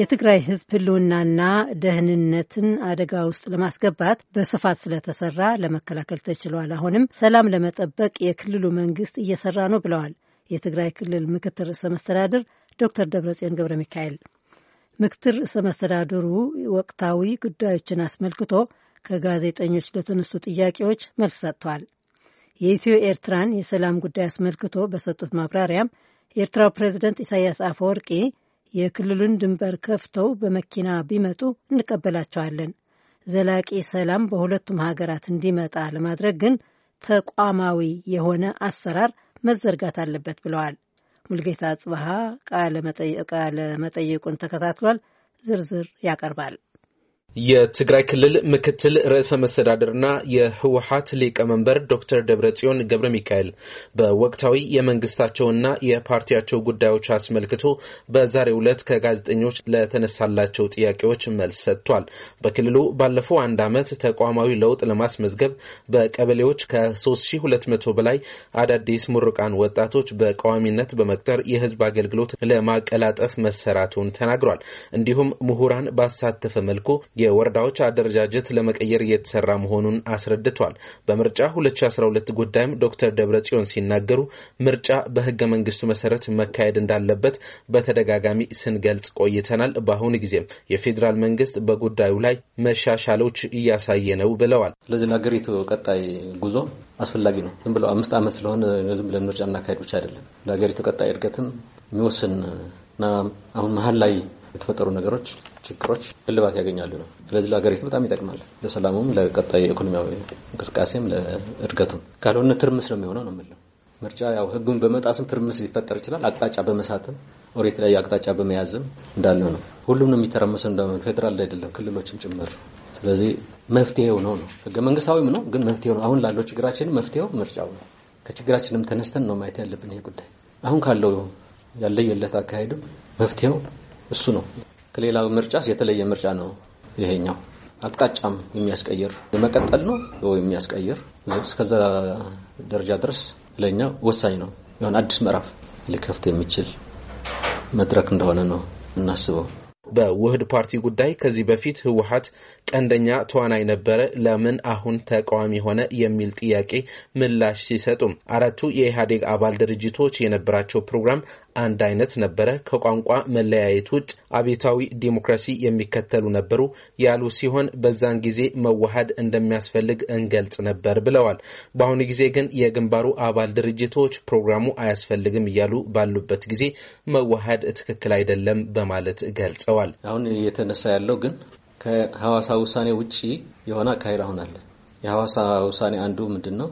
የትግራይ ህዝብ ህልውናና ደህንነትን አደጋ ውስጥ ለማስገባት በስፋት ስለተሰራ ለመከላከል ተችሏል። አሁንም ሰላም ለመጠበቅ የክልሉ መንግስት እየሰራ ነው ብለዋል የትግራይ ክልል ምክትል ርዕሰ መስተዳድር ዶክተር ደብረጽዮን ገብረ ሚካኤል። ምክትል ርዕሰ መስተዳድሩ ወቅታዊ ጉዳዮችን አስመልክቶ ከጋዜጠኞች ለተነሱ ጥያቄዎች መልስ ሰጥተዋል። የኢትዮ ኤርትራን የሰላም ጉዳይ አስመልክቶ በሰጡት ማብራሪያም የኤርትራው ፕሬዚደንት ኢሳያስ አፈወርቂ የክልሉን ድንበር ከፍተው በመኪና ቢመጡ እንቀበላቸዋለን። ዘላቂ ሰላም በሁለቱም ሀገራት እንዲመጣ ለማድረግ ግን ተቋማዊ የሆነ አሰራር መዘርጋት አለበት ብለዋል። ሙልጌታ ጽብሃ ቃለ መጠይቁን ተከታትሏል፣ ዝርዝር ያቀርባል። የትግራይ ክልል ምክትል ርዕሰ መስተዳድርና የህወሀት ሊቀመንበር ዶክተር ደብረጽዮን ገብረ ሚካኤል በወቅታዊ የመንግስታቸውና የፓርቲያቸው ጉዳዮች አስመልክቶ በዛሬው ዕለት ከጋዜጠኞች ለተነሳላቸው ጥያቄዎች መልስ ሰጥቷል። በክልሉ ባለፈው አንድ ዓመት ተቋማዊ ለውጥ ለማስመዝገብ በቀበሌዎች ከ3200 በላይ አዳዲስ ምሩቃን ወጣቶች በቋሚነት በመቅጠር የህዝብ አገልግሎት ለማቀላጠፍ መሰራቱን ተናግሯል። እንዲሁም ምሁራን ባሳተፈ መልኩ የወረዳዎች አደረጃጀት ለመቀየር እየተሰራ መሆኑን አስረድቷል። በምርጫ 2012 ጉዳይም ዶክተር ደብረጽዮን ሲናገሩ ምርጫ በህገ መንግስቱ መሰረት መካሄድ እንዳለበት በተደጋጋሚ ስንገልጽ ቆይተናል። በአሁኑ ጊዜም የፌዴራል መንግስት በጉዳዩ ላይ መሻሻሎች እያሳየ ነው ብለዋል። ስለዚህ ለሀገሪቱ ቀጣይ ጉዞ አስፈላጊ ነው። ዝም ብለው አምስት ዓመት ስለሆነ ዝም ብለን ምርጫ እናካሄድ ብቻ አይደለም። ለሀገሪቱ ቀጣይ እድገትም የሚወስን እና አሁን መሀል ላይ የተፈጠሩ ነገሮች፣ ችግሮች እልባት ያገኛሉ ነው። ስለዚህ ለሀገሪቱ በጣም ይጠቅማል፣ ለሰላሙም፣ ለቀጣይ የኢኮኖሚያዊ እንቅስቃሴም፣ ለእድገቱም። ካልሆነ ትርምስ ነው የሚሆነው ነው የምለው። ምርጫ ያው ህጉን በመጣስም ትርምስ ሊፈጠር ይችላል። አቅጣጫ በመሳትም ኦሬት ላይ አቅጣጫ በመያዝም እንዳለ ነው። ሁሉም ነው የሚተረመሰው። እንደሆነ ፌዴራል አይደለም ክልሎችም ጭምር ስለዚህ መፍትሄው ነው ነው ህገ መንግስታዊም ነው ግን መፍትሄው ነው። አሁን ላለው ችግራችን መፍትሄው ምርጫው ነው። ከችግራችንም ተነስተን ነው ማየት ያለብን ይሄ ጉዳይ። አሁን ካለው ያለየለት አካሄድም መፍትሄው እሱ ነው። ከሌላው ምርጫስ የተለየ ምርጫ ነው ይሄኛው። አቅጣጫም የሚያስቀይር የመቀጠል ነው ወይ የሚያስቀይር እስከዛ ደረጃ ድረስ ለኛ ወሳኝ ነው። ይሁን አዲስ ምዕራፍ ሊከፍት የሚችል መድረክ እንደሆነ ነው እናስበው። በውህድ ፓርቲ ጉዳይ ከዚህ በፊት ህወሀት ቀንደኛ ተዋናይ ነበረ፣ ለምን አሁን ተቃዋሚ ሆነ የሚል ጥያቄ ምላሽ ሲሰጡም አራቱ የኢህአዴግ አባል ድርጅቶች የነበራቸው ፕሮግራም አንድ አይነት ነበረ፣ ከቋንቋ መለያየት ውጭ አብዮታዊ ዲሞክራሲ የሚከተሉ ነበሩ ያሉ ሲሆን በዛን ጊዜ መዋሃድ እንደሚያስፈልግ እንገልጽ ነበር ብለዋል። በአሁኑ ጊዜ ግን የግንባሩ አባል ድርጅቶች ፕሮግራሙ አያስፈልግም እያሉ ባሉበት ጊዜ መዋሃድ ትክክል አይደለም በማለት ገልጸዋል። አሁን እየተነሳ ያለው ግን ከሐዋሳ ውሳኔ ውጭ የሆነ አካሄድ አሁን አለ። የሐዋሳ ውሳኔ አንዱ ምንድን ነው?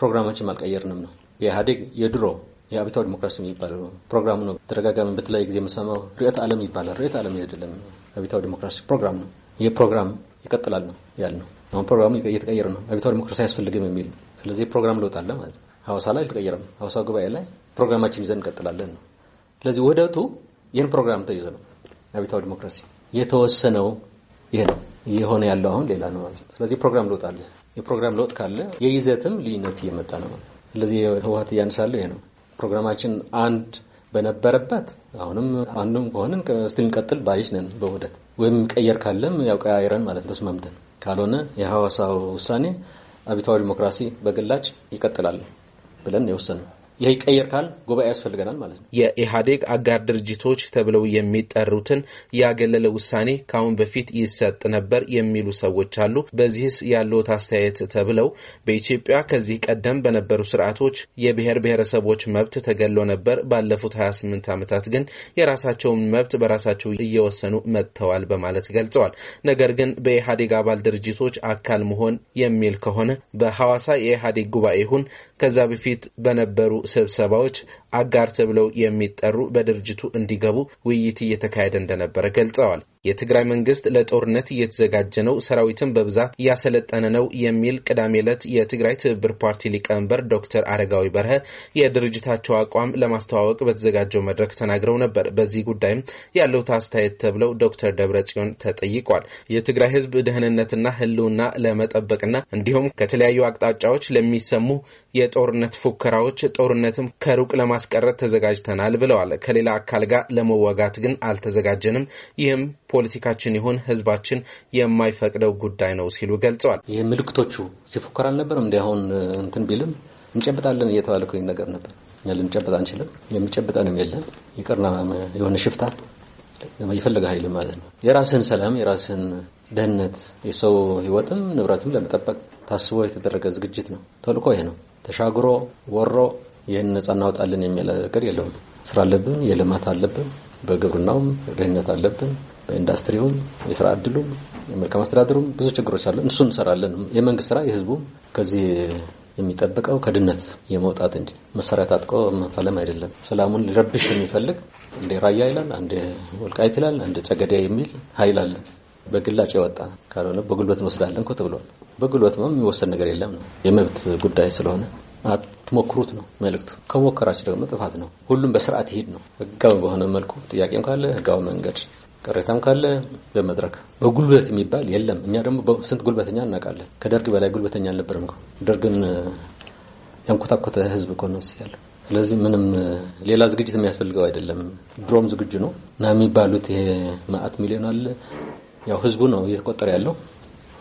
ፕሮግራማችን አልቀየርንም ነው የኢህአዴግ የድሮ የአብዮታዊ ዲሞክራሲ የሚባለው ፕሮግራም ነው። ተደጋጋሚ በተለያየ ጊዜ የምሰማው ርዕዮተ ዓለም ይባላል። ርዕዮተ ዓለም አይደለም፣ አብዮታዊ ዲሞክራሲ ፕሮግራም ነው። ይህ ፕሮግራም ይቀጥላል ነው ያልነው። አሁን ፕሮግራሙ እየተቀየረ ነው። አብዮታዊ ዲሞክራሲ አያስፈልግም የሚል ስለዚህ ፕሮግራም ለውጥ አለ ማለት ነው። ሐዋሳ ላይ አልተቀየረም። ሐዋሳ ጉባኤ ላይ ፕሮግራማችን ይዘን እንቀጥላለን ነው። ስለዚህ ውህደቱ ይህን ፕሮግራም ተይዞ ነው አብዮታዊ ዲሞክራሲ የተወሰነው። ይሄ ነው የሆነ ያለው አሁን ሌላ ነው ማለት ነው። ስለዚህ ፕሮግራም ለውጥ አለ። የፕሮግራም ለውጥ ካለ የይዘትም ልዩነት እየመጣ ነው ማለት ነው። ስለዚህ ህወሓት እያነሳለሁ ይሄ ነው። ፕሮግራማችን አንድ በነበረበት አሁንም አንዱም ከሆንን እስክንቀጥል ባይሽ ነን። በውህደት ወይም ቀየር ካለም ያው ቀያይረን ማለት ነው ተስማምተን ካልሆነ የሐዋሳው ውሳኔ አብዮታዊ ዲሞክራሲ በግላጭ ይቀጥላል ብለን የወሰነው ይህ ይቀየር ካል ጉባኤ ያስፈልገናል ማለት ነው። የኢህአዴግ አጋር ድርጅቶች ተብለው የሚጠሩትን ያገለለ ውሳኔ ከአሁን በፊት ይሰጥ ነበር የሚሉ ሰዎች አሉ። በዚህስ ያለውት አስተያየት? ተብለው በኢትዮጵያ ከዚህ ቀደም በነበሩ ስርዓቶች የብሔር ብሔረሰቦች መብት ተገሎ ነበር። ባለፉት 28 ዓመታት ግን የራሳቸውን መብት በራሳቸው እየወሰኑ መጥተዋል በማለት ገልጸዋል። ነገር ግን በኢህአዴግ አባል ድርጅቶች አካል መሆን የሚል ከሆነ በሐዋሳ የኢህአዴግ ጉባኤ ይሁን ከዛ በፊት በነበሩ ስብሰባዎች አጋር ተብለው የሚጠሩ በድርጅቱ እንዲገቡ ውይይት እየተካሄደ እንደነበረ ገልጸዋል። የትግራይ መንግስት ለጦርነት እየተዘጋጀ ነው፣ ሰራዊትን በብዛት እያሰለጠነ ነው የሚል ቅዳሜ ዕለት የትግራይ ትብብር ፓርቲ ሊቀመንበር ዶክተር አረጋዊ በርሀ የድርጅታቸው አቋም ለማስተዋወቅ በተዘጋጀው መድረክ ተናግረው ነበር። በዚህ ጉዳይም ያለውት አስተያየት ተብለው ዶክተር ደብረ ጽዮን ተጠይቋል። የትግራይ ህዝብ ደህንነትና ህልውና ለመጠበቅና እንዲሁም ከተለያዩ አቅጣጫዎች ለሚሰሙ የጦርነት ፉከራዎች ጦርነትም ከሩቅ ለማስቀረት ተዘጋጅተናል ብለዋል። ከሌላ አካል ጋር ለመዋጋት ግን አልተዘጋጀንም። ይህም ፖለቲካችን ይሁን ህዝባችን የማይፈቅደው ጉዳይ ነው ሲሉ ገልጸዋል። ይህ ምልክቶቹ ሲፎከር አልነበረም እንዲ አሁን እንትን ቢልም እንጨብጣለን እየተባለ ነገር ነበር። እኛ ልንጨብጥ አንችልም፣ የሚጨብጠንም የለም። ይቅርና የሆነ ሽፍታ የፈለገ ኃይል ማለት ነው። የራስህን ሰላም የራስህን ደህንነት የሰው ህይወትም ንብረትም ለመጠበቅ ታስቦ የተደረገ ዝግጅት ነው። ተልእኮ ይሄ ነው። ተሻግሮ ወሮ ይህን ነጻ እናወጣለን የሚል ነገር የለውም። ስራ አለብን፣ የልማት አለብን፣ በግብርናውም ደህንነት አለብን፣ ኢንዱስትሪውም የስራ እድሉም የመልካም አስተዳደሩም ብዙ ችግሮች አሉ። እሱ እንሰራለን። የመንግስት ስራ የህዝቡም ከዚህ የሚጠብቀው ከድነት የመውጣት እንጂ መሳሪያ ታጥቆ መፈለም አይደለም። ሰላሙን ሊረብሽ የሚፈልግ እንደ ራያ ይላል፣ እንደ ወልቃይት ይላል፣ እንደ ጸገዳ የሚል ሀይል አለ። በግላጭ የወጣ ካልሆነ በጉልበት እንወስዳለን እኮ ተብሏል። በጉልበት የሚወሰድ ነገር የለም ነው የመብት ጉዳይ ስለሆነ አትሞክሩት ነው መልእክቱ። ከሞከራችሁ ደግሞ ጥፋት ነው። ሁሉም በስርዓት ይሄድ ነው። ህጋዊ በሆነ መልኩ ጥያቄም ካለ ህጋዊ መንገድ ቅሬታም ካለ በመድረክ በጉልበት የሚባል የለም። እኛ ደግሞ ስንት ጉልበተኛ እናውቃለን። ከደርግ በላይ ጉልበተኛ አልነበረም። ደርግን ያንኮታኮተ ህዝብ እኮ ነው ያለው። ስለዚህ ምንም ሌላ ዝግጅት የሚያስፈልገው አይደለም። ድሮም ዝግጁ ነው እና የሚባሉት ይሄ ማአት ሚሊዮን አለ ያው ህዝቡ ነው እየተቆጠረ ያለው።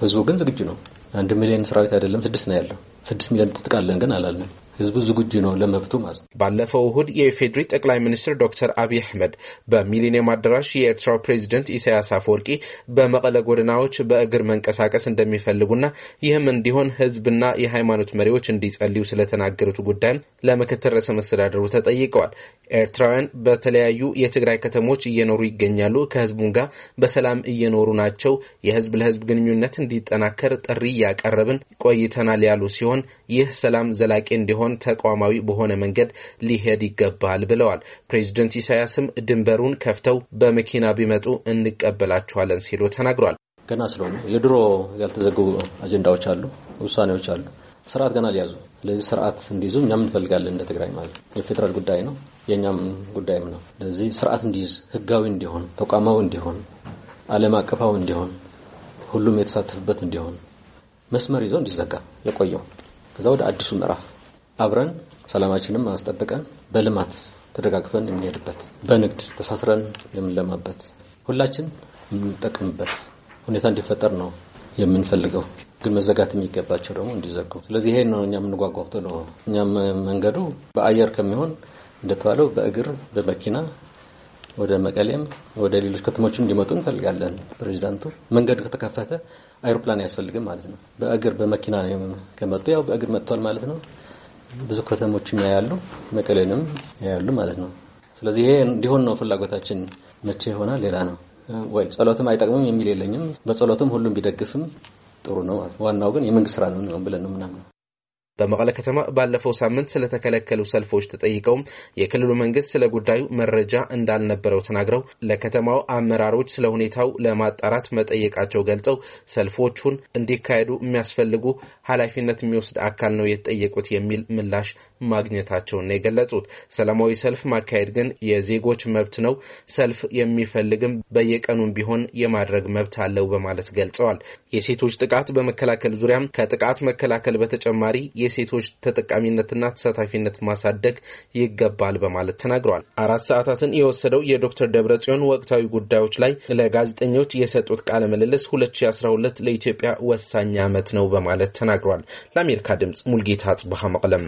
ህዝቡ ግን ዝግጁ ነው። አንድ ሚሊዮን ሰራዊት አይደለም ስድስት ነው ያለው። ስድስት ሚሊዮን ትጥቃለን ግን አላለም። ህዝቡ ዝግጁ ነው ለመብቱ ማለት ነው። ባለፈው እሁድ የኢፌዴሪ ጠቅላይ ሚኒስትር ዶክተር አብይ አህመድ በሚሊኒየም አዳራሽ የኤርትራው ፕሬዚደንት ኢሳያስ አፈወርቂ በመቀለ ጎደናዎች በእግር መንቀሳቀስ እንደሚፈልጉና ይህም እንዲሆን ህዝብና የሃይማኖት መሪዎች እንዲጸልዩ ስለተናገሩት ጉዳይም ለምክትል ርዕሰ መስተዳደሩ ተጠይቀዋል። ኤርትራውያን በተለያዩ የትግራይ ከተሞች እየኖሩ ይገኛሉ። ከህዝቡም ጋር በሰላም እየኖሩ ናቸው። የህዝብ ለህዝብ ግንኙነት እንዲጠናከር ጥሪ እያቀረብን ቆይተናል ያሉ ሲሆን ይህ ሰላም ዘላቂ እንዲሆን ተቋማዊ በሆነ መንገድ ሊሄድ ይገባል ብለዋል። ፕሬዚደንት ኢሳያስም ድንበሩን ከፍተው በመኪና ቢመጡ እንቀበላቸዋለን ሲሉ ተናግሯል። ገና ስለሆነ የድሮ ያልተዘገቡ አጀንዳዎች አሉ፣ ውሳኔዎች አሉ ስርዓት ገና ሊያዙ ስለዚህ ስርዓት እንዲይዙ እኛም እንፈልጋለን እንደ ትግራይ ማለት ነው። የፌዴራል ጉዳይ ነው፣ የእኛም ጉዳይም ነው። ስለዚህ ስርዓት እንዲይዝ ህጋዊ እንዲሆን ተቋማዊ እንዲሆን ዓለም አቀፋዊ እንዲሆን ሁሉም የተሳተፍበት እንዲሆን መስመር ይዞ እንዲዘጋ የቆየው ከዛ ወደ አዲሱ ምዕራፍ አብረን ሰላማችንም አስጠብቀን በልማት ተደጋግፈን የምንሄድበት በንግድ ተሳስረን የምንለማበት ሁላችን የምንጠቅምበት ሁኔታ እንዲፈጠር ነው የምንፈልገው። ግን መዘጋት የሚገባቸው ደግሞ እንዲዘጉ። ስለዚህ ይሄን ነው እኛ የምንጓጓው ነው። እኛም መንገዱ በአየር ከሚሆን እንደተባለው በእግር በመኪና ወደ መቀሌም ወደ ሌሎች ከተሞች እንዲመጡ እንፈልጋለን። ፕሬዚዳንቱ መንገዱ ከተከፈተ አይሮፕላን አያስፈልግም ማለት ነው። በእግር በመኪና ከመጡ ያው በእግር መጥቷል ማለት ነው። ብዙ ከተሞችም ያያሉ፣ መቀሌንም ያያሉ ማለት ነው። ስለዚህ ይሄ እንዲሆን ነው ፍላጎታችን። መቼ ይሆናል ሌላ ነው ወይ ጸሎትም አይጠቅምም የሚል የለኝም። በጸሎትም ሁሉም ቢደግፍም ጥሩ ነው። ዋናው ግን የመንግስት ስራ ነው ብለን ነው ምናምን በመቀለ ከተማ ባለፈው ሳምንት ስለተከለከሉ ሰልፎች ተጠይቀውም የክልሉ መንግስት ስለ ጉዳዩ መረጃ እንዳልነበረው ተናግረው ለከተማው አመራሮች ስለ ሁኔታው ለማጣራት መጠየቃቸው ገልጸው ሰልፎቹን እንዲካሄዱ የሚያስፈልጉ ኃላፊነት የሚወስድ አካል ነው የተጠየቁት የሚል ምላሽ ማግኘታቸውን ነው የገለጹት። ሰላማዊ ሰልፍ ማካሄድ ግን የዜጎች መብት ነው። ሰልፍ የሚፈልግም በየቀኑም ቢሆን የማድረግ መብት አለው በማለት ገልጸዋል። የሴቶች ጥቃት በመከላከል ዙሪያም ከጥቃት መከላከል በተጨማሪ የሴቶች ተጠቃሚነትና ተሳታፊነት ማሳደግ ይገባል በማለት ተናግረዋል። አራት ሰዓታትን የወሰደው የዶክተር ደብረጽዮን ወቅታዊ ጉዳዮች ላይ ለጋዜጠኞች የሰጡት ቃለ ምልልስ 2012 ለኢትዮጵያ ወሳኝ ዓመት ነው በማለት ተናግረዋል። ለአሜሪካ ድምፅ ሙልጌታ ጽቡሃ መቅለም